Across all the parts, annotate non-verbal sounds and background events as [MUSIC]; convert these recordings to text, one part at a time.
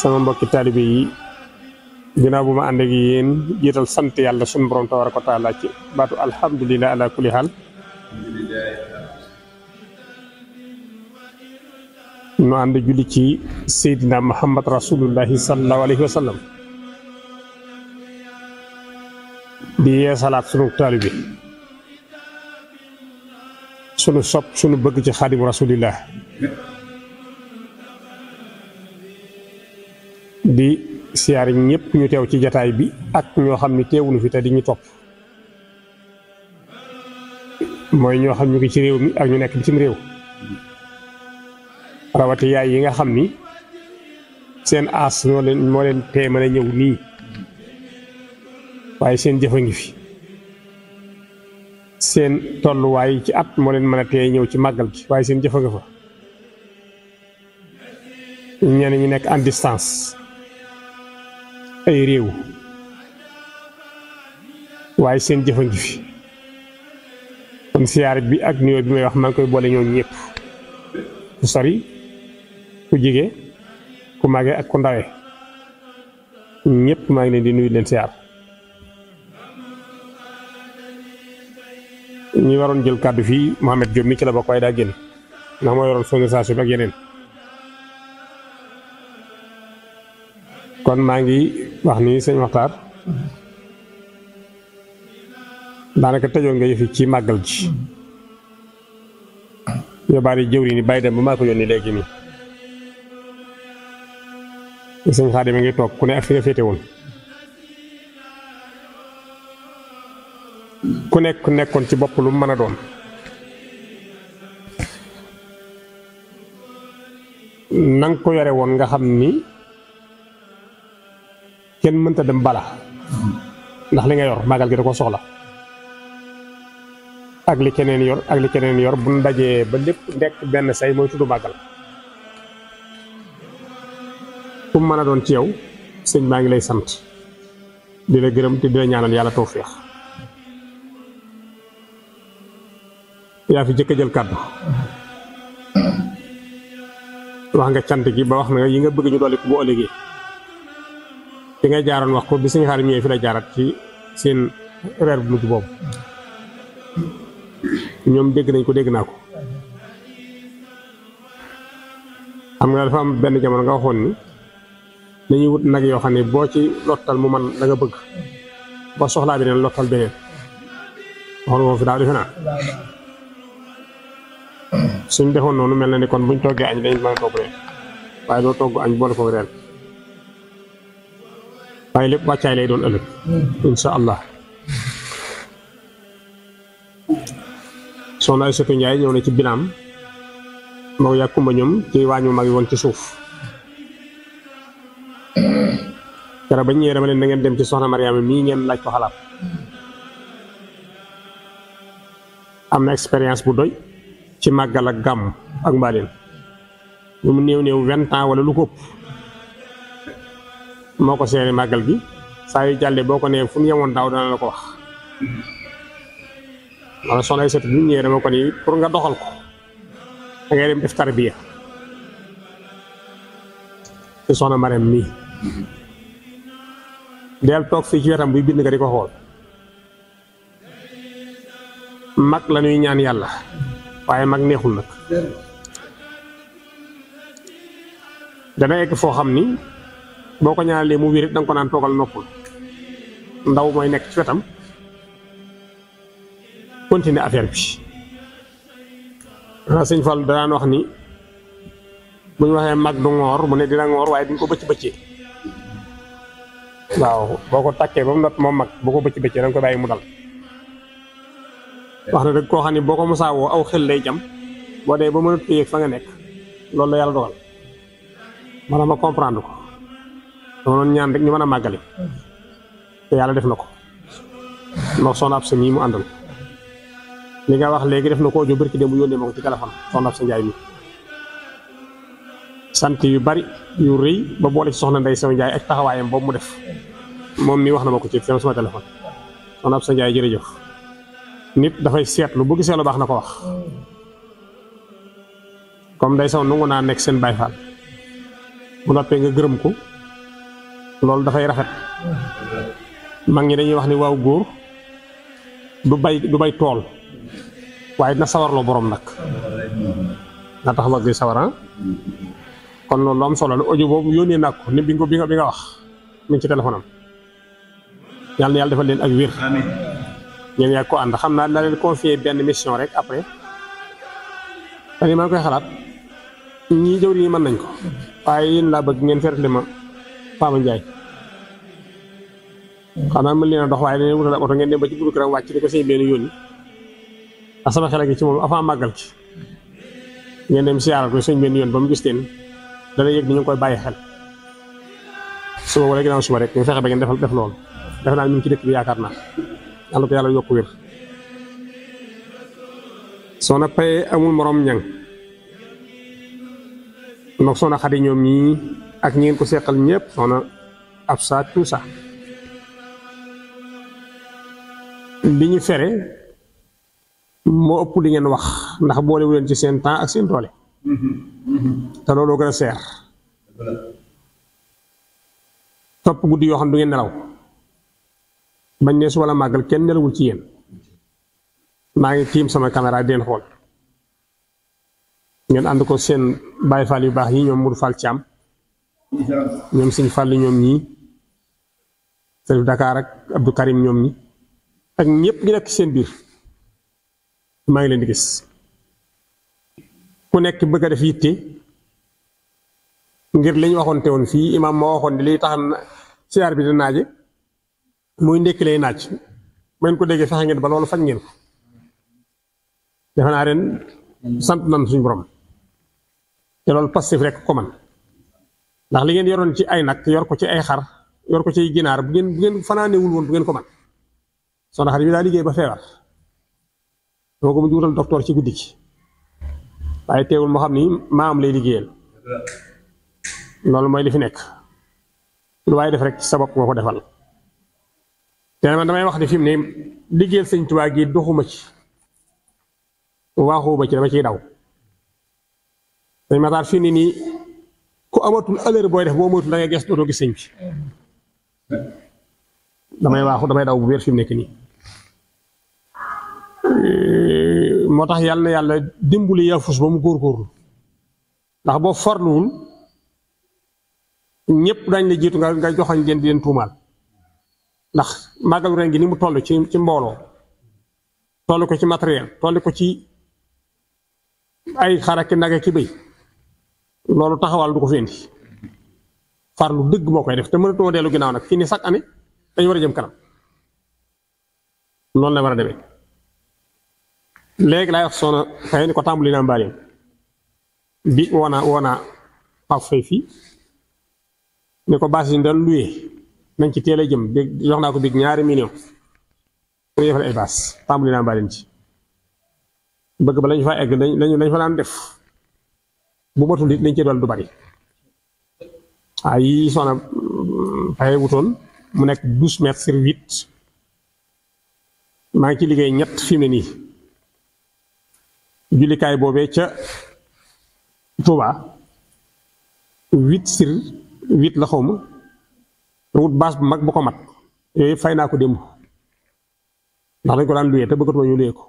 sama mbokki taalibe yi bu ma ànd ak jiital sant yàlla sunu borom tabaaraka wa taala ci baatu alhamdulilah ala haal nu ànd julli ci Seydina Muhammad rasulullahi sallallahu alayhi wa di yeesalaat sunu taalibe sunu sopp sunu bëgg ci xaadimu rasulillah di siyaar ñëpp ñu teew ci jataay bi ak ñoo xam ni teewuñu fi te di ñu topp mooy ñoo xam ñu ngi ci réew mi ak ñu nekk bitim réew rawati yi nga xam ni seen aas moo leen moo leen tee mën a ñëw nii waaye seen jëfa ngi fi seen tolluwaay ci at moo leen mën a tee ñëw ci màggal gi waaye seen jëfa nga fa ñenn ñi nekk en distance ay réew waaye seen jëfa ngi fi kon siyaar bi ak nuyoo bi may wax maa ngi koy boole ñooñu ñëpp ku sori ku jige ku màggee ak ku ndawe ñëpp maa ngi leen di nuyu leen siyaar ñuy waroon jël kàddu fii Mohamed Diop mi ci la bokk waaye daa génn ndax moo yoroon sonorisation bi ak yeneen kon maa ngi wax ni sëñ Maxtaar daanaka tëjoon nga yëfi ci màggal ji ñu bari jëwri ni bàyyi dem ba maa ko yónni léegi nii sëñ Xaadim ngi toog ku ne ak fi nga féete woon ku nekk nekkon ci bop lu meuna doon nang ko yore won nga xamni ken kenn mënta dem bala ndax li nga yor magal gi da ko soxla ak li keneen yor ak li keneen yor bu ndaje ba lepp nek ben say moy tuddu magal ku meuna doon ci yow seigne maa ngi lay sante di gërëm te di ñaanal yalla tawfiq yaa fi jëkk a jël kàddu wax nga cant gi ba wax na yi nga bëgg ñu dolli ko bu ëllëgee fi nga jaaroon wax ko bi suñu xaalim ñëwee fi la jaarat ci seen reer bu mujj boobu ñoom dégg nañ ko dégg naa ko xam nga dafa am benn jamono nga waxoon ni nañuy wut nag yoo xam ne boo ci lottal mu man danga bëgg ba soxlaa beneen lottal beneen waxoon woo fi daaw defe naa suñ defoon noonu mel na ni kon buñ toggee añ dañ mën a togg reer waaye doo togg añ boole ko reer waaye lépp wàccaay lay doon ëllëg insha allah soxna ay sëtu Njaay ñëw na ci bilaam moo yàkkumba ñoom ci waañu mag yi woon ci suuf dara ba ñëwee dama leen na ngeen dem ci soxna Mariama mii ngeen laaj ko xalaat am na expérience bu doy ci magal ak gam ak mbalen lu mu néew néew vingt ans wala lu ko moko séré magal gi sayu yu boko né fu mu daw dana la ko wax wala soxna sét set bi ñëwee dama ko ni pour nga doxal ko da ngay dem def tarbiya ci soxna Marème mi del tok fi ci wetam buy bind nga diko xol mak mag la ñuy ñaan yalla waaye mag neexul nag dana egg foo xam ni boo ko ñaanalee mu wér it danga ko naan toogal noppul ndaw mooy nekk ci wetam continuer affaire bi waaw ah, sëñ Fall danaan wax ni bu ñu waxee mag du ngoor mu ne dina ngoor waaye duñ ko bëcc bëccee waaw boo ko takkee ba mu noppi moom mag boo ko bëcc bëccee danga ko bàyyi mu dal wax na dëgg koo xam ne boo ko musaawoo aw xel lay jam boo dee ba mënut a yëg fa nga nekk loolu la yàlla dogal maanaam ma comprendre ko dama doon ñaan rek ñu mën a màggali te yàlla def na ko ndax soxna ab sa yi mu àndal li nga wax léegi def na ko audio barki démb yónnee ma ko ci téléphone soxna ab sa njaay mi sant yu bari yu rëy ba boole ci soxna Ndey sama Njaay ak taxawaayam boobu mu def moom mi wax na ma ko ci sama téléphone soxna ab sa njaay jërëjëf nit dafay siap bu gisee lu baax na ko wax comme day saw nangu naa nekk seen baay bu noppee nga gërëm ko loolu dafay rafet mag ñi dañuy wax ni waaw góor du bay du bay tool waaye dina sawarloo borom nag na tax mag di sawara ah? kon loolu am solo la audio boobu yónnee naa ko ni bi nga bi nga bi nga wax ci téléphone am yàlla na defal leen ak wér ñoom yaa ko ànd xam naa dina leen confier benn mission rek après man maa ngi koy xalaat ñii jëwri yi mën nañ ko waaye yéen laa bëgg ngeen fertali ma Pama Ndiaye naa mën leen a dox waaye dañuy wutal ab oto ngeen dem ba ci buur kër wàcc di ko sëñ benn yónni a ngi ci moom avant màggal ci ngeen dem siyaaral ko sëñ benn yoon ba mu gis teen dana yëg ni ñu ngi koy bàyyi xel suba wala ginnaaw suba rek ñu fexe ba ngeen defal def loolu defe naa ñu ci dëkk bi yaakaar naa yàlla ko yàlla yokku so soxna Paye amul morom ñang ndax soxna Xadi ñom ñii ak ñi ngeen ko seqal ñëpp soxna ab saa tout ça biñu féré mo upp li ngeen wax ndax boole wu leen ci sen temps ak seen doole ta looloo gën a seer guddi yo xam du ngeen nelaw bañ ne wala magal kenn nelawul ci yeen maa ngi sama kamera den xol ngeen and ko sen baye Faal yu bax yi ñoom Mour Fall am ñom seigne Fall ñom ñi seigne Dakar ak Abdou Karim ñom ñi ak ñepp gi nek sen bir maa ngi di gis ku nek bëgg def yitté ngir liñ waxon té won fi imam mo waxon li bi dina jé moy ndek lay nacc mën ko dege fexe ngeen ba lolou fagn ngeen ko defe ren sant nan suñu borom te lolou passif rek ko man ndax li ngeen yoron ci ay nak yor ko ci ay xar yor ko ci ginar bu ngeen bu ngeen wul won bu ngeen ko man soxna xar bi da ligey ba feebar dama ko mujj docteur ci guddi ci waye teewul mo xamni maam lay ligeyel lolou moy li fi nek lu waaye def rek sabab nga ko defal te damay wax ne fi mu ne liggéey sëñ Tuubaa gi doxuma ci waaxuma ci dama ma taal fii nii nii ku amatul ëllëg booy def boo moytul da gis dootoo gis sëñ bi damay waaxu damay daw bu wér fi nekk nii moo tax yàlla na yàlla dimbali yaafus ba mu góorgóorlu ndax boo farluwul ñëpp dañ la jiitu nga nga joxoñ leen di leen tuumaal ndax màggalu ren gi ni mu toll ci ci mbooloo toll ko ci matériel toll ko ci ay xaraki naga ki béy loolu taxawal du ko fi indi farlu dëgg moo koy def te mënatoo dellu ginnaaw nag fii ni chaque année dañu war a jëm kanam noonu la war a demee léegi laay wax soxna xëy ni ko tàmbali naa mbaaleem bi woonaa woonaa Pape Faye fii ni ko baas yi nañ ci teel a jëm bi jox naa ko biig ñaari million pour defal ay baas tàmbali naa mbaaleen ci bëgg ba lañu fa egg lañu lañu fa daan def bu matul it lañ ci dool du bari waaw yi soxna Faye wutoon mu nekk douze mètres sur huit maa ngi ci liggéey ñett fi mu ne nii jullikaay boobee ca Touba huit sur huit la xaw ma wut baas bu mag bu ko mat yooyu eh, fay naa ko démb ndax dañ ko daan luyee te bëggatuma ñu luyee ko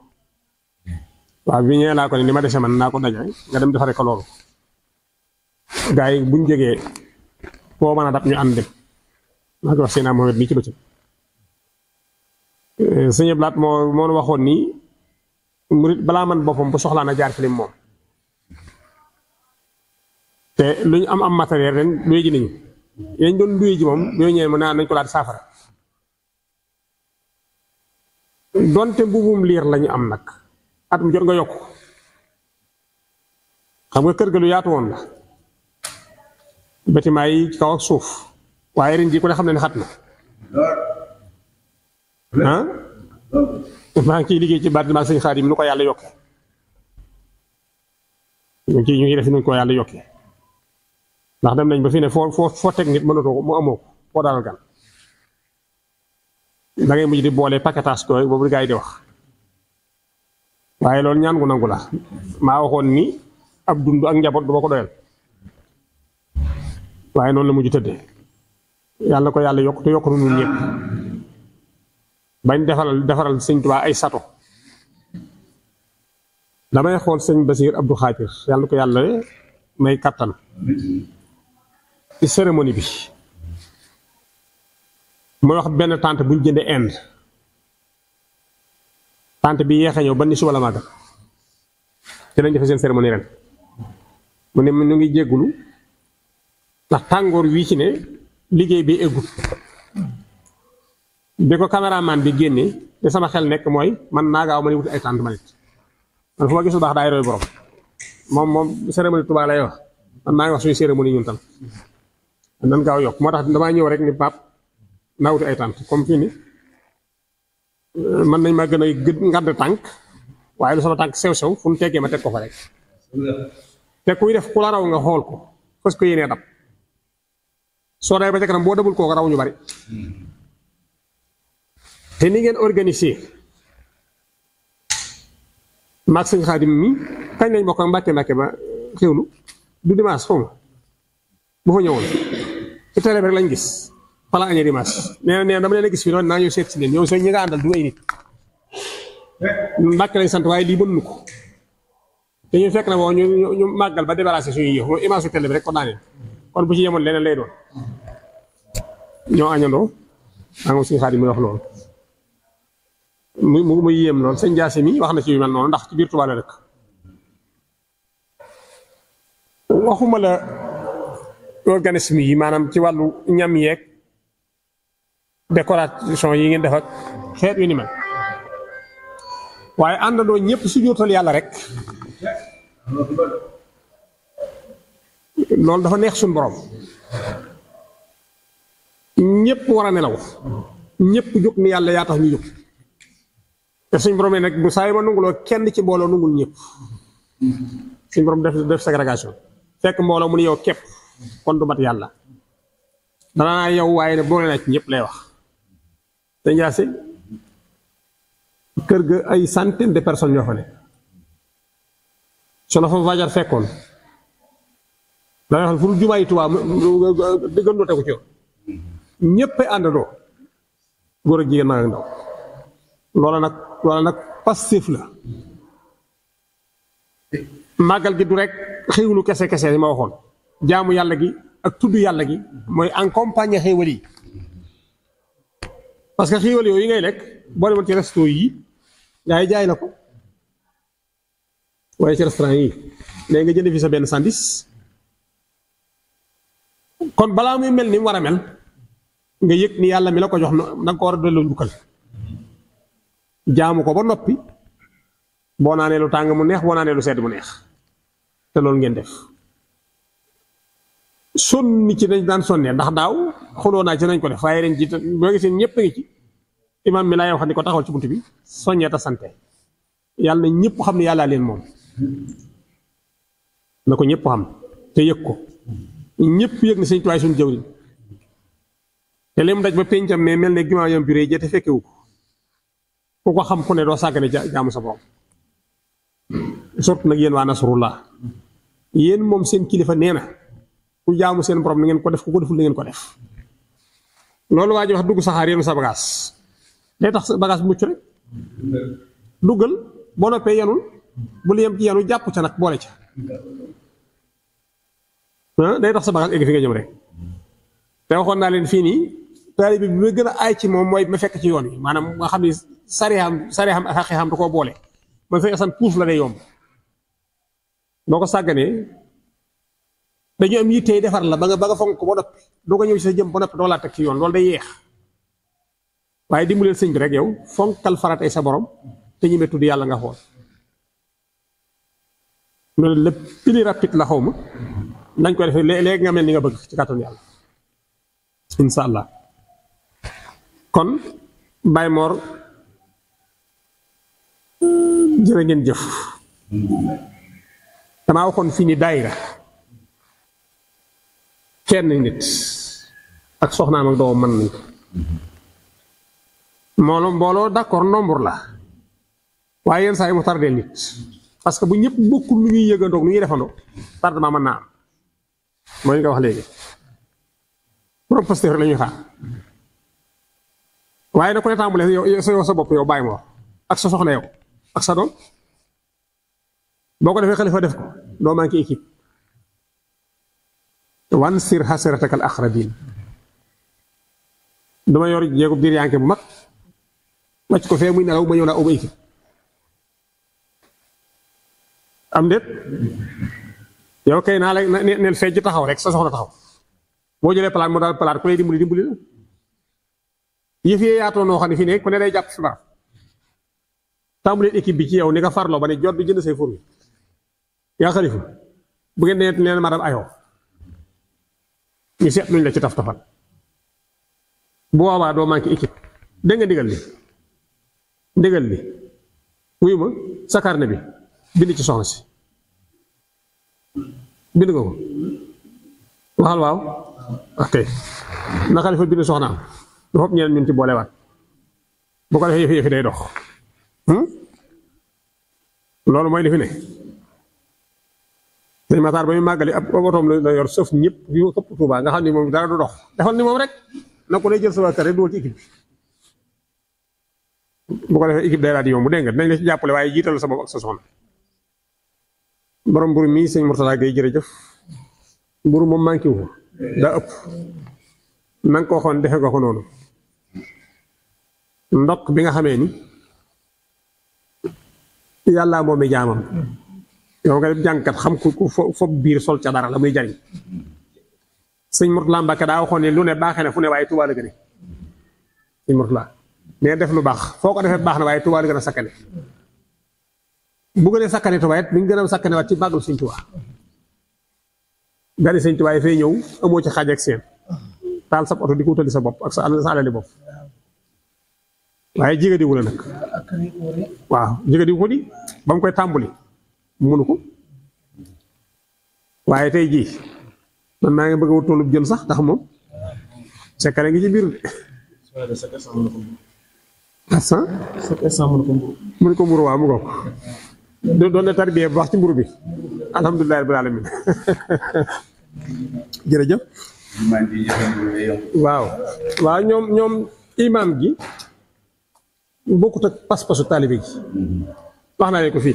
waaw bi naa ko ne li ma dese man naa ko daje nga dem defaree ko loolu gars buñ jegee foo mën a dab ñu ànd dem maa ngi wax seen Mohamed ci bëccëg eh, sëñ Blaat moo moo waxoon nii murit balaa man boppam bu soxlaa na jaar filim moom te lu ñu am am materiel ren luy ji nañu yañ doon duy ji moom naa ñëwee mu naan nañ ko laat saafara donte mbuubum liir lañu am nag at mu jot nga yokk xam nga kër ga lu yaatu woon la bâtiment yi ci kaw ak suuf waaye ren jii ku xam ne ne xat na ah maa ngi ciy liggéey ci bâtiment sëñ Xaadim nu ko yàlla yokke ñu ngi ciy ñu ngi def nu ko yàlla yokke ndax dem nañ ba fii ne foo foo foo teg nit mënatoo ko mu amoo ko foo daanal gan da ngay mujj di boole paquetage ko boobu gaa yi di wax waaye loolu ñaan gu nangu la maa waxoon ni ab dund ak njaboot du ma ko doyal waaye noonu la mujj tëddee yàlla ko yàlla yokk te yokk na ñun bañ defaral defaral sëñ Tuubaa ay sato damay xool sëñ Basiir Abdou Xaadir yàlla ko yàlla may kattan ci cérémonie bi mooy wax benn tante bu jënde end tante bi yeex a ñëw ba ni suba la màggal ci lañ defee seen cérémonie ren mu ne ñu ngi jéggulu ndax tàngoor wii ci ne liggéey bi eggut bi ko cameraman bi génnee te sama xel nekk mooy man naa gaaw ma ne wuti ay tante ma nit man fu ma gisul baax daay roy borom moom moom cérémonie tuba lay wax man maa ngi wax suñu cérémonie ñun tam nan gaaw yok motax dama ñew rek ni pap nawti ay tànk comme fini man nañ ma gëna a gëd ngàdd tànk waaye lu sama tank sew-sew fu mu teggee ma tek ko fa rek te kuy def kula raw nga xol ko parce que yene dab so day ba ca nam bo debul ko raw ñu bari te ni ngeen organiser max sëñ khadim mi tan lañ bokk mbacke mbacke ba xewlu du dimanche xaw bu fa ñëwoon ci télé bi rek lañ gis Fala añee dimanche nee na dama leen a gis fii noonu naa ñëw seet si leen ñoom soo ñi nga àndal du ay nit mbàkk lañ sant waaye lii mënuñu ko dañuy fekk na boo ñu ñu màggal ba débarrassé suñuy yëf mooy image su télé bi rek kon naa leen kon bu ci yemoon leneen lay doon ñoo añandoo maa ngi suñu xaar yi muy wax loolu mu mu yéem lool sëñ Jaase mi wax na ci yu mel noonu ndax ci biir Tuubaa la rek waxuma la organisme yi maanaam ci wàllu ñam yeeg décoration yi ngeen def xeet yu ni mel waaye àndandoo ñëpp su jootal yàlla rek loolu dafa neex suñu borom ñëpp war a nelaw ñëpp jóg ni yàlla yaa tax ñu jóg te suñ borom nag bu saa yi ma nunguloo kenn ci mbooloo nungul ñëpp suñ borom def def ségrégation fekk mbooloo mu yow képp. kon du mat yàlla dana naa yow waaye ne boole naa ci ñëpp lay wax te njaase kër ga ay centaine de personnes yoo fa ne su la fa fajar fekkoon dana xam fu lu jumaa yi Tuubaa diggandoo tegu ci yoon àndandoo góor ak jigéen mag ndaw loola nag loola nag passif la màggal gi du rek xéwlu kese kese yi ma waxoon jaamu yàlla gi ak tudd yàlla gi mooy accompagner xéewal yi parce que xéewal yi ngay lekk boo demoon ci resto yi ngay jaay na ko waaye ci restaurant yi léegi nga jënd fi sa benn sandis kon balaa muy mel ni mu war a mel nga yëg ni yàlla mi la ko jox na nga ko war a delloo njukkal jaamu ko ba noppi boo naanee lu tàng mu neex boo naanee lu sedd mu neex te loolu ngeen def sonni ci dañ daan sonnee ndax daaw xuloo naa ci nañ ko def waaye ren ji boo gisee ñëpp a ngi ci imaam mi laa wax ni ko taxawal ci bunt bi soññee ta sante yàlla na ñëpp xam ne yàllaa leen moom na ko ñëpp xam te yëg ko ñëpp yëg ne sëñ tuwaay suñu jawriñ te li mu daj ba pencam mais mel ne gimaa yam bi rëy te fekkewu ko ku ko xam ku ne doo sàggane jaamu sa borom surtout nag yéen waa nasrullah yéen moom seen kilifa nee na ku jaamu seen borom na ngeen ko def ku ko deful na ngeen ko def loolu waa ji wax dugg saxaar yenu sa bagage day tax sa bu mucc rek duggal boo noppee yenul bul yem ci yenu ca nag boole ca ah, day tax sa bagage egg fi nga jëm rek te waxoon naa leen fii nii taalibe bi ma gën a aay ci moom mooy ma fekk ci yoon wi maanaam nga xam ni sariyam sariyam ak xaqi xam da koo boole ma fekk sam puus la day yomb boo ko sàgganee dañu am yittey defar la ba nga ba nga fonk ko ba noppi doo ko ñëw ci sa jëm ba noppi doo laa teg ci yoon loolu day yeex waaye dimbaleel sëñ bi rek yow fonkal faratay sa borom te ñu tudd yàlla nga xool loolu lépp pili rapide la xaw ma nañ koy defee léegi nga mel ni nga bëgg ci kàttanu yàlla incha allah kon Baye Mor jërë ngeen jëf damaa waxoon fii ni daayira kenn nit ak soxnaam ak doom man nañ ko mbooloo mbooloo d'accord nombre la waaye yenn saa yi mu tardeel nit parce que bu ñëpp bokkul lu ñuy yëgandoo lu ñuy defandoo tardement mën naa am mooy li nga wax léegi borom pasteur la ñuy xaar waaye na ko ne tàmbalee yow sa yow sa bopp yow bàyyi ma ak sa soxna yow ak sa doom boo ko defee xalifa def ko doo manqué équipe wansir xasrataka al axrabin dama yor jéegub diir yanke bu mag wàcc ko fee muy nelaw ma ñëw naa ubay ki am déet yow kay naa la neel fee ji taxaw rek sa soxna taxaw boo jëlee palaat moo daal palaat ku lay dimbali dimbali la yëf yee yaatoo noo xam ne fii ne ku ne day jàpp fi barab tàmbuleen équipe bi ci yow ni nga farloo ba ne jot bi jënd say fur yaa xalifu bu ngeen nee neen madame ayoo ñu seet luñ la ci taf tafal bu boobaa doo manqué équipe dégg nga ndigal li ndigal li wuyu ma sa carnet bi bind ci soxna si bind nga ko waxal waaw ok naka dafa bind soxnaam du fopp ñeneen ñun ci boolewaat bu ko defee yëfi yëfi day dox hmm? loolu mooy li fi sëñ Matar ba muy màggali ab otoom la yor sëf ñëpp di ko këpp Touba nga xam ni moom dara du dox defal ni moom rek na ko lay jël sa waa kër rek dugal ci nga dinañ la ci jàppale sa bopp ak sa soxna borom mburu mi sëñ Mourtada Gueye jërëjëf mburu moom manqué daa ëpp na ko waxoon defe nga ko noonu bi nga xamee ni yàllaa moom i jaamam. yow nga dem jàngkat xam ku fob biir sol ca dara la muy jariñ sëñ Murtala Mbàkke daa waxoon ne lu ne baaxee na fu ne waaye Tuubaa la gën a sëñ Murtala def lu baax foo ko defee baax na waaye Tuubaa la gën a sakkane bu gën a sakkane Tuubaa it bi ñu gën a sakkane waat ci màggalu sëñ Tuubaa gari sëñ fay ñëw amoo ci xaaj ak seen taal sa oto di ko utali sa bopp ak sa sa alali bopp waaye jigéen diwu la nag waaw jigéen ko di ba mu koy tàmbali mënu ko waaye tey jii man ma nga bëgg wu tollu toolub sax tax mom sa kala nga ci bir de. asan ah, mënu ko mburu waa mu goog doon na tarbiya bu wax ci mburu bi alhamdullilah rabbil alamin jere [LAUGHS] jërëjëf waaw wa ñom ñom imam gi bokut ak pass passu talibi gi waxna lay ko fi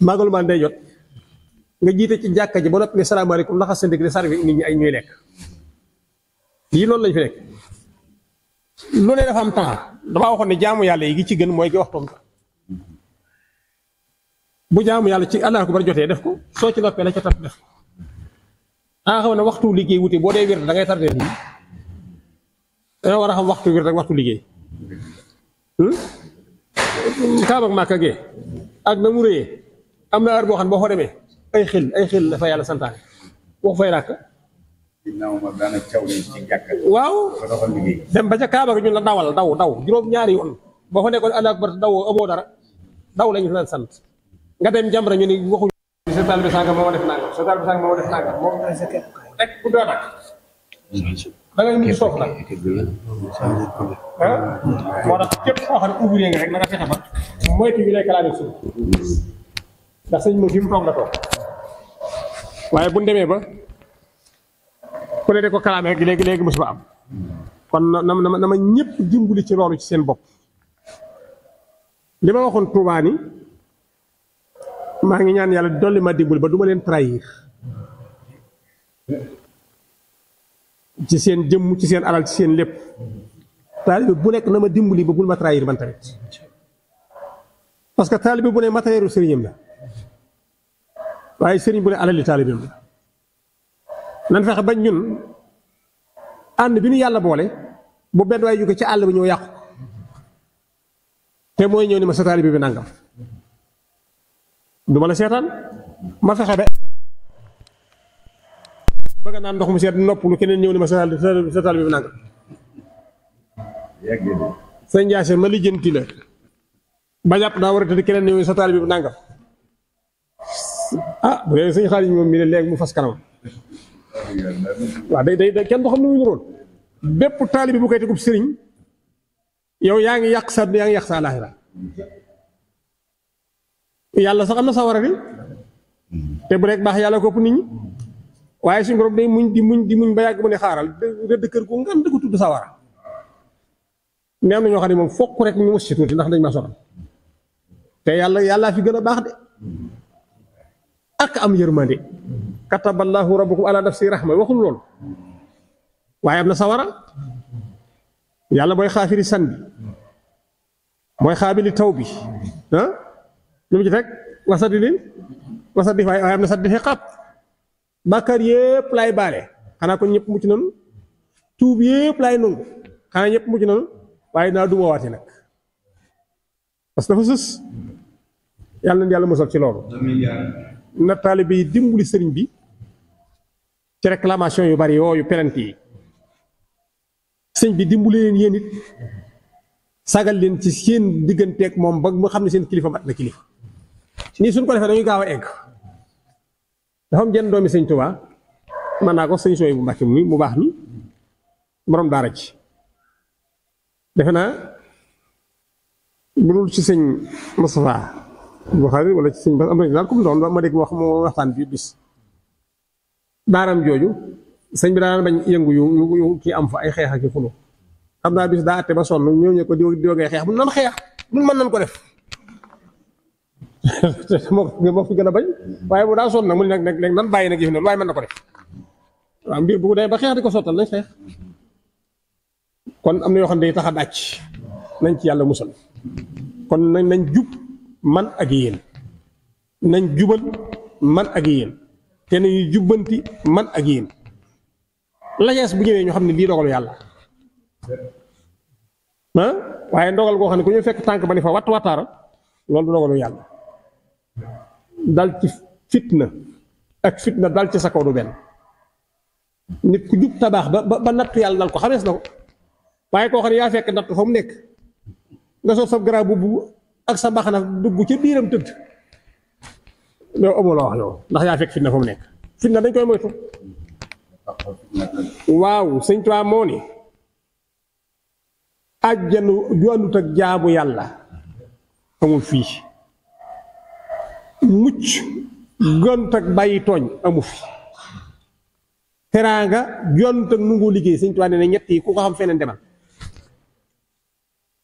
màggalu maan day jot nga jiite ci jàkka ji ba noppi ne salaamaaleykum laxas sa ndig di sarwi nit ñi ay ñuy lekk lii loolu lañ fi nekk lu ne dafa am temps damaa waxoon ne jaamu yàlla yi gi ci gën mooy gi waxtoom ka bu jaamu yàlla ci allah akbar jotee def ko soo ci noppee la ca tap def ko aa xam ne waxtu liggéey wuti boo dee wér da ngay tardé nii danga war a xam waxtu wér ak waxtu liggéey hmm? kaabak màkka gee ak na mu réyee am na heure boo xam boo fa demee ay xil ay xil dafa yàlla santaane wax fay ràkk waaw dem ba ca Kaaba ñun la dawal daw daw juróom-ñaari yoon boo fa nekkoon Allahu akbar daw amoo dara daw lañu la sant nga dem Jamra ñu ni waxu sa taalibe sàngam moo def nangam sa taalibe sàngam moo def nangam moom rek ku doon ak da ngay mujj soof nga rek na nga fexe ba moytu ndax señ mo gim tok la tok waye buñ démé ba ko ne de ko kalamé rek légui légui musiba am kon na na na ma ñëpp dimbali ci lolu ci seen bop lima ma touba ni ma ngi ñaan yalla doli ma dimbali ba duma len trahir ci seen jëm ci seen alal ci seen lepp talib bu nek na ma dimbali ba bul ma trahir man tamit parce que talib bu ne matérielu sëriñam la waaye sëriñ bu ne alali taalibeem la nan fexe ba ñun ànd bi ñu yàlla boole bu benn waaye jóge ci àll bi ñëw yàqu te mooy ñëw ni ma sa taalibe bi nangam du ma ma fexe ba bëgg naan ndox mu seet nopp keneen ñëw ni ma sa sa taalibe bi nangam sa njaase ma lijjanti la ba jàpp daa war a tëdd keneen ñëw sa taalibe bi nangam ah bu dee sëñ xaalis moom mi ne léegi mu fas kanam waaw day day kenn du xam ne muy nuróon bépp taalibi bu koy tegub sëriñ yow yaa ngi yàq sa yaa ngi yàq sa àllaaxira yàlla sax am na sawara bi te bu rek baax yàlla kopp nit ñi waaye suñu borom day muñ di muñ di muñ ba yàgg mu ne xaaral rëdd kër gu ngam dëgg tudd sawara ne am na ñoo xam ne moom fokk rek mu mos ci tuuti ndax dañ ma sonal te yàlla yàllaa fi gën a baax de ak am yermande kataballahu rabbukum ala nafsi rahma waxul lol waye amna sawara yalla Boy khafiri san bi mooy xaabili taw bi ah ci fek wasadilin wasadif waye amna sadif na bakar xiqaab lay balé xana ko ñep kon ñëpp mucc tuub lay nung xana ñep mucc non waye na duma nak parce que ci lolu amin na taalibe yi dimbali sëriñ bi ci réclamation yu bari yooyu plainte yi sëñ bi dimbali leen yéen it sagal leen ci seen digganteeg moom ba mu xam ne seen kilifa mat na kilifa nii suñ ko defee dañuy gaaw a egg dafa am jenn doomi sëñ Tuubaa mën naa ko sëñ sooy bu Mbàkke mu baax ni borom daara ci defe naa bu dul ci sëñ Moustapha Buxaari wala ci sëñ Bass am na daal comme noonu ma wax mu waxtaan bi bis daaraam jooju sëñ bi daal bañ yëngu yu yu kii am fa ay xeex ak i xuloo xam naa bis daa àtte ba sonn ñëw ñu ko di di xeex mun nan xeex mun ma nan ko def [LAUGHS] moo moo fi gën a bañ waaye bu daa sonn nag mu ne nag léegi nan bàyyi nag yëf noonu waaye mën na ko def waaw mbir bu dee ba xeex di ko sottal nañ xeex kon am na yoo xam ne day tax a dàcc nañ ci yàlla musal kon nañ nañ jub man ak yeen nañ jubal man ak yeen té nañ jubanti man ak yéen lajees bu ñëwé ñu xamni li dogal yalla ah waye dogal go xamni ku ñu fekk tank bani fa wat wattaara loolu du dogal yalla dal ci fitna ak fitna dal ci sa du ben nit ku jub tabax ba ba nattu yalla dal ko xamees na ko waaye fekk fam nek nga grabu bu ak sa mbaxana dugg ca biiram tëdd loolu amuloo wax loolu ndax yaa fekk fitna fa mu nekk fitna dañ koy moytu waaw sëñ Tuubaa moo ni àjjanu ju àndut ak jaamu yàlla amul fii mucc gont ak bàyyi tooñ amu fi teraanga ju àndut ak nungu liggéey sëñ Tuubaa na ñett yi ku ko xam feneen demal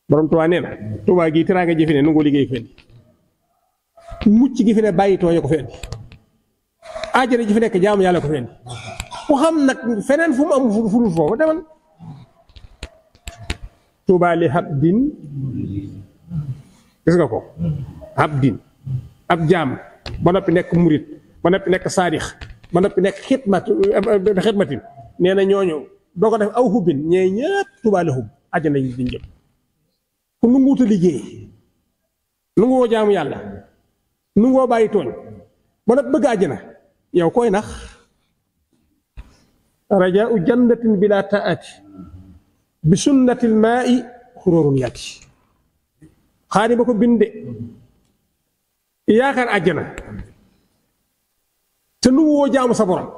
borom Tuubaa nee na Tuubaa gii teraanga ji fi ne nangoo liggéey ko fi indi mucc gi fi ne bàyyi tooye ko fi indi aajara ji fi nekk jaamu yàlla ko fi indi ku xam nag feneen fu mu am fu dul demal Tuubaa li habdin gis nga ko habdin ab jaam ba noppi nekk murit ba noppi nekk saadix ba noppi nekk xidmat xidmatin nee na ñooñu doo ko def aw xubbin ñee ñëpp Tuubaa la xub àjjana yi diñ jëm ku nanguwut liggéey nanguwoo jaamu yàlla nanguwoo bàyyi tooñ ba nag bëgg àjjana yow koy nax rajaa u jannatin bila taati bi sunnatil maai xuróorun yaati xaani ba ko binde yaakaar àjjana te nanguwoo jaamu sa borom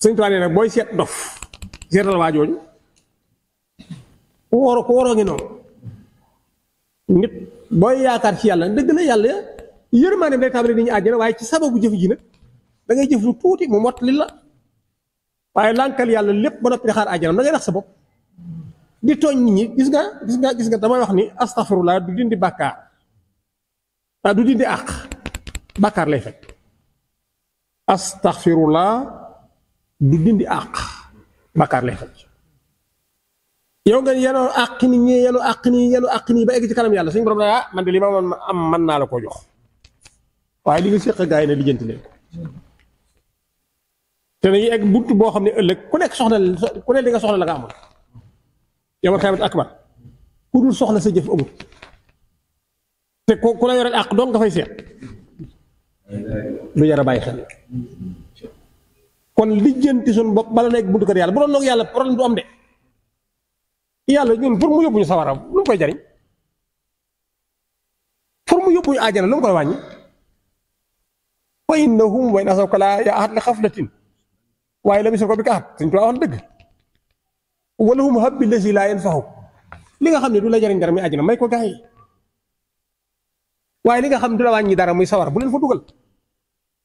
sëñ Tuubaa nag booy seet dof seetal waa jooju ku waroo ku noonu nit booy yaakaar ci yàlla dëgg la yàlla yërmaane day tàmbali nit ñi àjjana waaye ci sababu jëf ji nag da ngay jëf lu tuuti mu mott li la waaye lànkal yàlla lépp ba noppi di xaar àjjana da ngay nax sa bopp di tooñ nit ñi gis nga gis nga gis nga damay wax ni astafurlah du dindi bàkkaar ah du dindi àq bàkkaar lay fekk yow nga yenoo àq ni ñee yenoo àq nii yenoo àq nii ba egg ci kanam yàlla suñu borom daa ah, man de li ma mën am man naa la koo jox waaye li nga séq gaa yi ne lijjanti boo xam ne ëllëg ku nekk soxla ku nekk nga soxla la nga amoon yow man xaymat akbar ku dul soxla sa jëf amut te ku ku la yore àq doom nga seet lu jar a bàyyi xel kon lijjanti suñu bopp bala nekk ko kër yàlla bu doon noog yàlla problème du am de yàlla ñun pour mu yóbbu ñu sawara lu koy jariñ pour mu yóbbu ñu àjjana lu mu koy wàññi wa innahum wa in asawka laa yaahat li xaflatin waaye la misul ko bi ka xat suñ tuwaa wax dëgg wala hum habbi lasi laa yanfahu li nga xam ne du la jariñ dara muy àjjana may ko gaa yi waaye li nga xam ne du la wàññi dara muy sawara bu leen fa dugal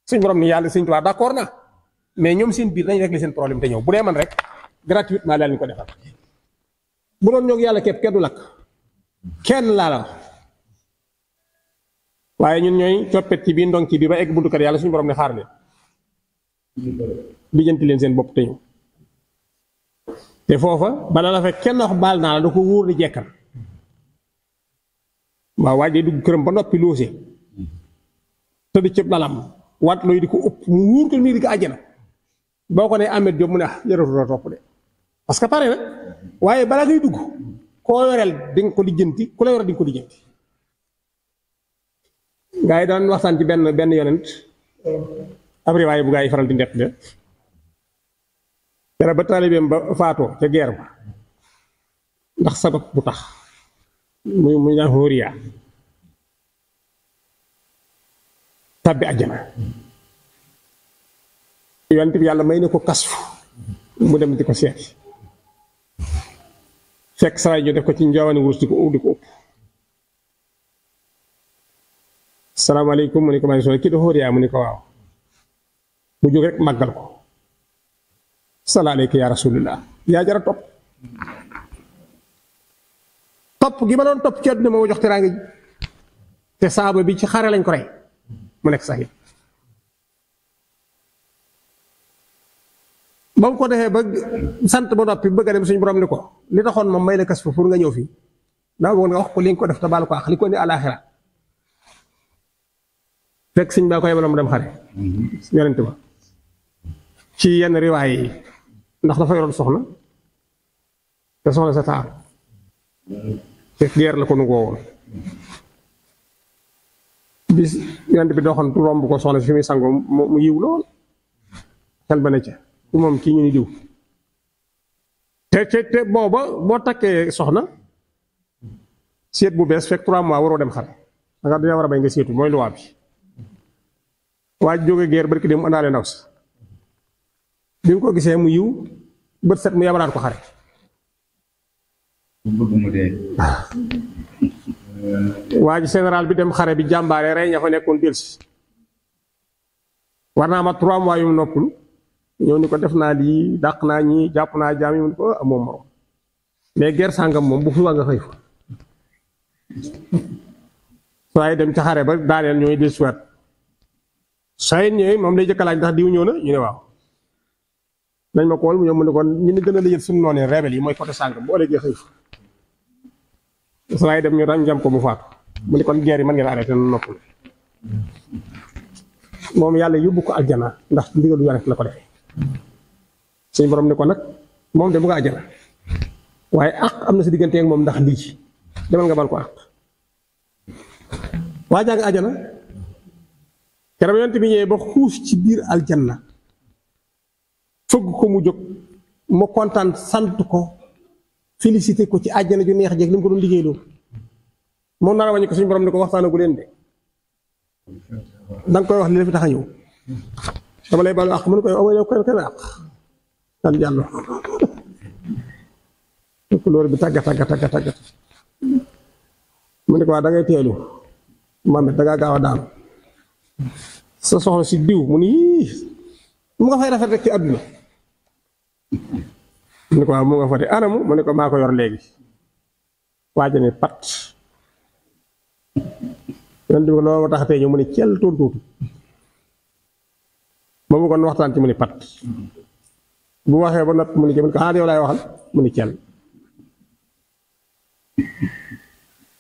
suñ borom ni yàlla suñ tuwaa d'accord na mais ñoom seen biir nañ régler seen problème te ñëw bu dee man rek gratuitement laa leen ko defal bu doon ñoo yàlla képp kenn du kenn laa la wax waaye ñun ñooy coppet ci bii yi bi ba egg buntu kër yàlla suñu borom ne xaar leen lijjanti leen seen bopp te ñu te foofa bala la fekk kenn wax baal naa la da ko wóor di jekkal waaw waaj day dugg këram ba noppi loose di cëb lalam wat looy di ko ëpp mu wóor ko nii di ko àjjana boo ko nee Ahmed Diop mu ne ah jërëtul la topp de parce pare na waaye balaa ngay dugg koo yoreel di ko lijjanti ku la yore di nga ko lijjanti gaa daan waxtaan ci benn benn yonent ab riwaay bu gaa faral di nekk de dara ba taalibeem ba faatoo ca geer ba ndax sabab bu tax muy muy naan xóoriyaa tàbbi ajjana yonent bi yàlla may na ko kasfu mu dem di ko seeti fekk saraay ñu def ko ci njaawaani wurus di ko di ko ëpp salaamaaleykum mu ne ko maa ngi kii de xóor yaa mu ne ko waaw mu jóge rek màggal ko salaamaaleykum yaa rasulillah yaa jara topp topp gi ma doon topp ci àdduna moo ma jox teraanga ji te saaba bi ci xare lañ ko rey mu nekk saxiit ba mu ko defee ba sant ba noppi bëgg a dem suñu borom ni ko li taxoon ma may la kas fu pour nga ñëw fii dama bëgg nga wax ko li nga ko def te ko àq li ko ni àlaaxira fekk sëñ baa mu dem xare yonent ba ci yenn riwaay yi ndax dafa yoroon soxna te soxna sa taar te geer la ko nu goowoon bis yonent bi doxoon romb ko soxna si fi muy sangoo mu yiw lool xel ba ne ci moom kii ñu ni diw te te te booba boo takkee soxna seet bu bees fekk trois mois waroo dem xar danga dina war bay nga seetu mooy luwaa bi waa jóge geer barki dem mu àndaale ndaw si bi mu ko gisee mu yiw bët set mu yabalaat ko xare [LAUGHS] waa ji bi dem xare bi jàmbaare rey ña fa nekkoon delsi war naa ma trois mois yu mu noppul ñëw ni ko def naa lii dàq naa ñii jàpp naa jaam yi mu ne ko amoo ah, morom mais ger sàngam moom bu fu waa nga xëy fa dem ca xare ba daaneel ñooy des suwaat saa yi ñëwee moom day jëkk laaj ndax diw ñëw na ñu ne waaw nañ ma ko mu ne kon ñu ne gën a la yëg suñu noonee yi mooy côté sàngam boo léegi xëy fa saa dem ñu dañ jam ko mu faatu mu ne kon guerre yi mën ngeen arrêté na noppul moom yàlla yóbbu ko aljana ndax ndigalu yonent la ko defee suñ borom ne ko nag moom de bu ko àjjana waaye àq am na si diggante moom ndax lii demal nga bal ko àq waa jàng àjjana keroog yonent bi ñëwee ba xuus ci biir aljanna fëgg ko mu jóg mu kontaan sant ko félicité ko ci àjjana ju neex jeeg li mu ko doon liggéeyloo moom naa la wàññi ko suñu borom ne ko waxtaanagu leen de danga koy wax li fi tax a ñëw dama lay baal àq mu ne ko amuloo kenn kenn àq daan jàll. loolu bi tàggat tàggat tàggat tàggat mu ne ko waa da ngay teelu maam it da gaaw a daanu sa soxna si diw mu nii mu nga fay rafet rek ci mu ne ko mu nga fa de anamu mu ne ko maa ko yor léegi waaj ne pat. yan di ko loolu tax a mu ne cel tuut tuut ba mu kon waxtan ci mu pat bu waxe ba nat mu ci jëmin ko xaar yow waxal mu ni cel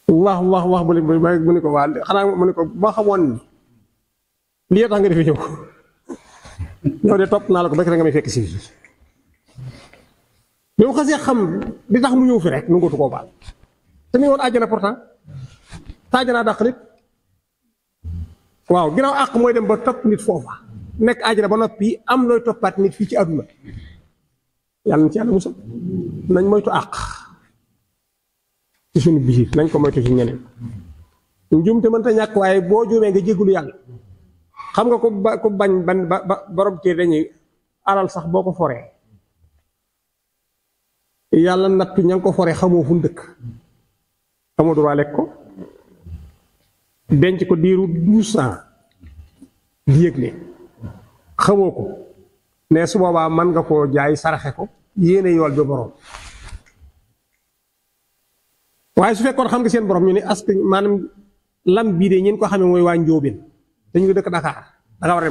wax wax wax mu ni mu ko wal xana mu ko ba xamone ni lii tax nga defi ñëw ñoo de top na la ko bekk nga mi fekk ci ñu xasse xam bi tax mu ñew fi rek nungu ko koo baal te mi woon pourtant tajana dàq waaw ginaaw ak moy dem ba top nit fofa nek aljana ba noppi am looy topat nit fi ci aduna yalla na ci yàlla musal nañ moytu ak ci suñu biir nañ ko moytu ci ñeneen te man ta ñak way bo juumee nga jégalu yalla xam nga ko ko bañ ban borom ci dañi alal sax boko foré yalla yàlla nattu ko foré xamo fu dëkk xamo do lekk ko denc ko diru 1200 ans di xamoo ko ne su boobaa mën nga koo jaay saraxe ko yéene yool bi borom waaye su fekkoon xam nga seen borom ñu ne ask maanaam lam bii de ñeen ko xamee mooy waa njóobeen dañu ngi dëkk Dakar da nga war a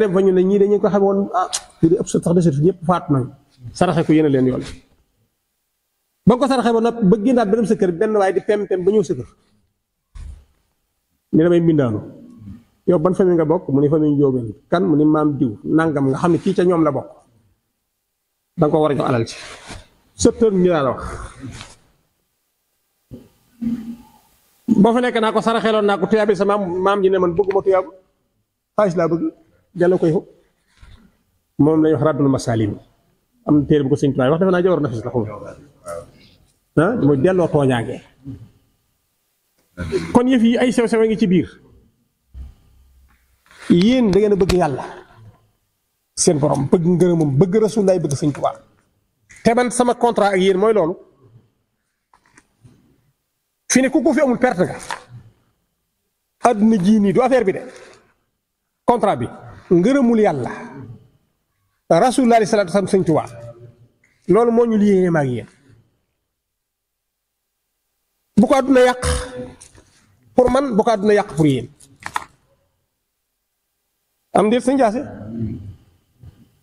dem fa ñu ne ñii dañu ko xamee woon ah lii de ëpp sa tax deset fi ñëpp faatu nañu saraxe ko yéene leen yool ba nga ko saraxe ba noppi ba génnaat ba dem sa kër benn waaye di pem pem ba ñëw sa kër ni damay mbindaanu yow ban famille nga bokk mu ni famille njóobeen kan mu ni maam diw nangam nga xam ne kii ca ñoom la bokk danga nga ko war a jox alal ci sëtër ñi laa la wax boo fa nekk naa ko saraxeeloon naa ko tuyaabi sa maam maam ji ne man bëgguma tuyaabu xaalis laa bëgg jàll koy xub moom lañuy wax raddul masalim am na téere bu ko sëñ tubaab wax defe naa jawar nafis la xum ah mooy delloo tooñaange kon yëf yi ay sew sew ngi ci biir yéen da ngeen a bëgg yàlla seen borom bëgg ngërëmam bëgg rasulaay bëgg sëñ Tuubaa te man sama contrat ak yéen mooy loolu fi ne ku ko fi amul perte nga àdduna jii nii du affaire bi de contrat bi ngërëmul yàlla rasulaay salaatu salaam sëñ Tuubaa loolu moo ñu liyee maag yéen. ko àdduna yàq pour man bu ko àdduna yàq pour yéen am déet sëñ Jaase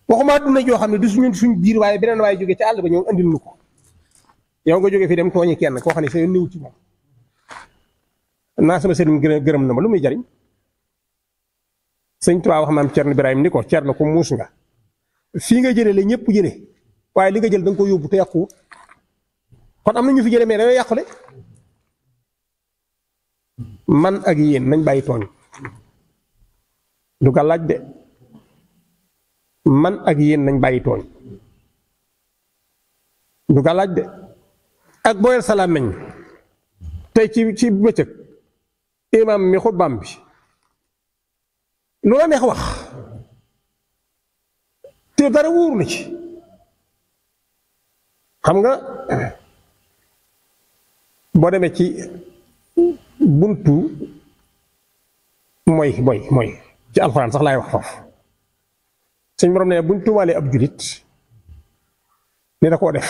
waxuma àdduna joo xam ne du suñu suñ biir waaye beneen waaye jóge ci àll ba ñëw andil nu ko yow nga jóge fi dem tooñi kenn koo xam ne sa yoon néew ci moom naa sama sëriñ gërëm na ma lu muy jariñ sëñ Tuubaa wax maam Cerno Ibrahima ni ko Cerno ko muus nga fii nga jëlee la ñëpp jëlee waaye li nga jël da nga ko yóbbu te yàquwut kon am na ñu fi jëlee mais dañoo yàqule man ak yéen nañ bàyyi tooñ du ko laaj de man ak yéen nañ bàyyi tooñ du ko laaj de ak booyal salaam meñ tey ci ci bëccëg imaam mi xutbaam bi lu la neex wax te dara wóoru na ci xam nga boo demee ci buntu mooy mooy mooy ci alxuraan sax laay wax foofu suñ borom ne buñ tuumaalee ab julit ne da koo def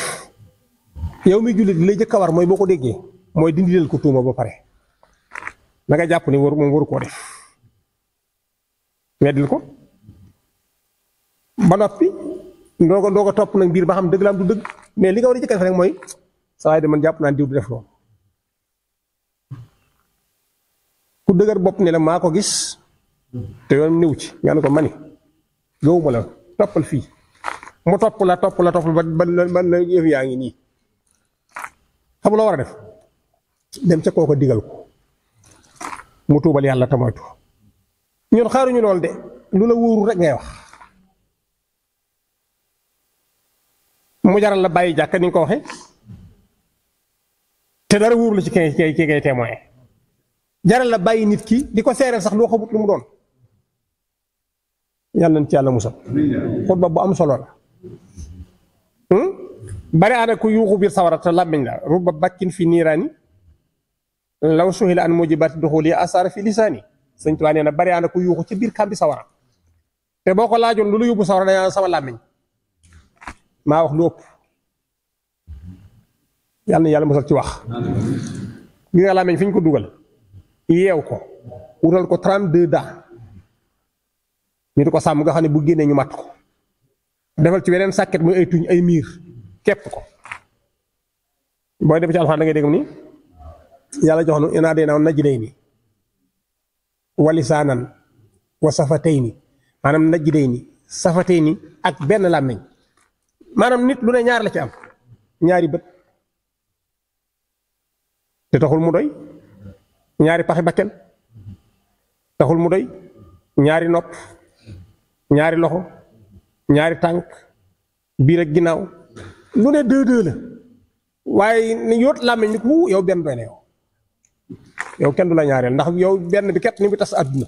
yow mi julit lay jëkk war mooy boo ko déggee mooy dindi ko tuuma ba pare na jàpp ni waru moom waru koo def weddil ko ba noppi ndooga ndooga topp nag mbir ba xam dëgg la am du dëgg mais li nga war a jëkk a def rek mooy saa waay de man jàpp naa diw du def loolu ku dëgër bopp ne la maa ko gis te yoon néew ci nga ne ko mani gëwuma la toppal fii mu topp la topp la topp la ba ba la yëf yaa ngi nii xam loo war a def dem ca kooko digal ko mu tuubal yàlla tamaatu ñun xaaruñu lool de lu la wóorul rek ngay wax mu jaral la bàyyi jàkka ni ko waxee te dara wóorul la ci kay kay kay témoin jaral la bàyyi nit ki di ko seereel sax loo xamut lu mu doon yàlla nañ ci yàlla bu am solo la hmm? bari aana ku yuuxu biir sawara te làmmiñ la rubba bakkin fi niiraani law suhila an mujibaati duxuli asara fi lisaani sëñ Tuubaa nee na bari aana ku yuuxu ci biir kàmbi sawara te boo ko laajoon lu lu yóbbu sawara dañaa sama làmmiñ maa wax lu ëpp yàlla na yàlla musal ci wax gis nga làmmiñ fi ko dugal yew ko wutal ko 32 da nit ko sam nga xam bu génnee ñu mat ko defal ci weneen sakket muy ay tuñ ay mir kep ko booy def ci alxaan da ngay dégg ni yalla joxnu ina de dee naaw najj ni walisaanan wa safatay manam maanaam najj ni safatay ak ben lamine manam nit lu ne ñaar la ci am ñaari bët te taxul mu doy ñaari paxi bakken taxul mu doy ñaari nopp ñaari loxo ñaari tànk biir ak ginnaaw lu ne deux deux la waaye ni yóot làmmiñ ni ku yow benn doy na yow kenn du la ñaareel ndax yow benn bi ket ni mu tas àdduna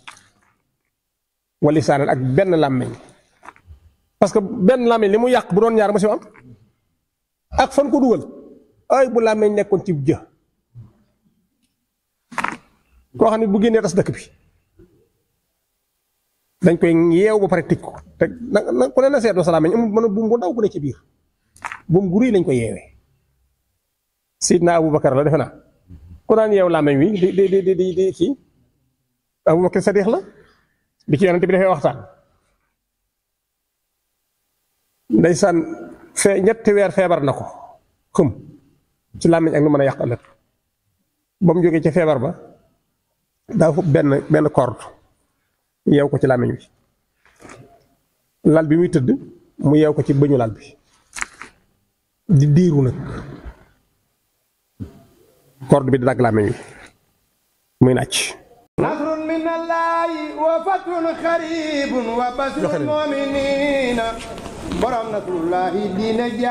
wala saanal ak benn làmmiñ parce que benn làmmiñ li mu yàq bu doon ñaar ma si am ak fan ko dugal ay bu làmmiñ nekkoon ci jë koo xam ne bu génnee tas dëkk bi dañ koy yeew ba pare tëj ko te na ku ne na seetlu salaam añ amul mën a buum bu ndaw bu ne ci biir buum gu rëy lañ ko yeewee Seydina Aboubacar la defe naa ku daan yeew làmmeñ wi di di di di di kii Aboubacar Sadiq la bi ci yonent bi defee waxtaan ndeysaan fee ñetti weer feebar na ko xëm ci làmmeñ ak lu mën a yàq ëllëg ba mu jógee ca feebar ba daa benn benn corde yeew ko ci làmmiñ bi lal bi muy tëdd mu yeew ko ci bëñu lal bi di diiru nag corde bi di dagg làmmiñ bi muy nàcc nasrun min allaahi wa wa basirul muminina